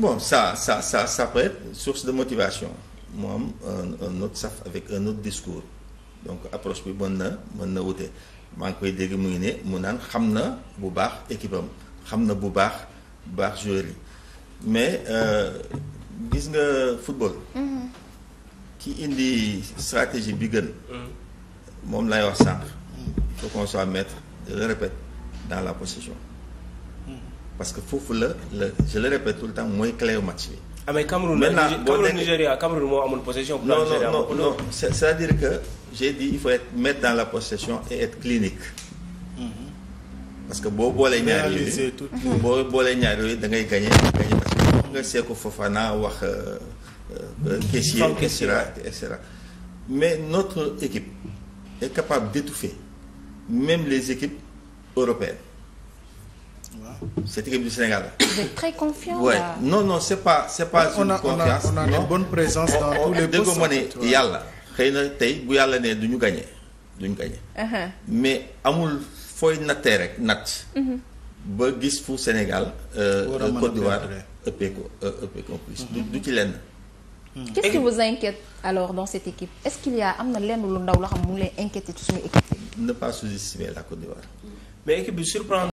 bon ça ça ça ça peut source de motivation mu am un, not autre saf avec un autre discours donc approche bi mën na mën na wute maa ngi koy dégg mu ngi ne mu naan xam na bu baax équipe xam na bu baax bu baax joueur yi mais euh, gis nga football. Mm-hmm. ki indi stratégie bi gën. Mm-hmm. moom lay wax sànq. il faut qu'on soit le répète dans la possession. parce que foofu la la je le répète tout le temps mooy clé wu match bi. ah mais Cameroun Cameroun Nigéria Cameroun moo amul possession. pour non non non non c'est à dire que j'ai dit il faut être mettre dans la possession et être clinique. Mm-hmm. parce que boo boolee ñaari yooyu boo boolee ñaari yooyu da ngay gagné gagné match bi wax nga Seko Fofana wax. Euh, euh, mm-hmm. caissier et cetera et cetera mais notre équipe est capable d'étouffer même les équipes européennes. cette équipe du Sénégal. Vous êtes très confiant non non c'est pas c'est a, confiance on a, on a une oh, oh, yàlla xëy na tey bu yàlla ne du ñu gagné du ñu uh-huh. mais amul fooy nattee rek natt. Mm-hmm. ba gis fu Sénégal. Euh, Côte d'Ivoire ëppee ko euh, ko mm-hmm. du ci lenn. Mm-hmm. qu'est-ce qui vous inquiète alors dans cette équipe est-ce qu'il y a am na lenn lu ndaw loo xam mu lay inquiéter suñu équipe. ne pas sous la Côte d'Ivoire. mais équipe bi surprendre.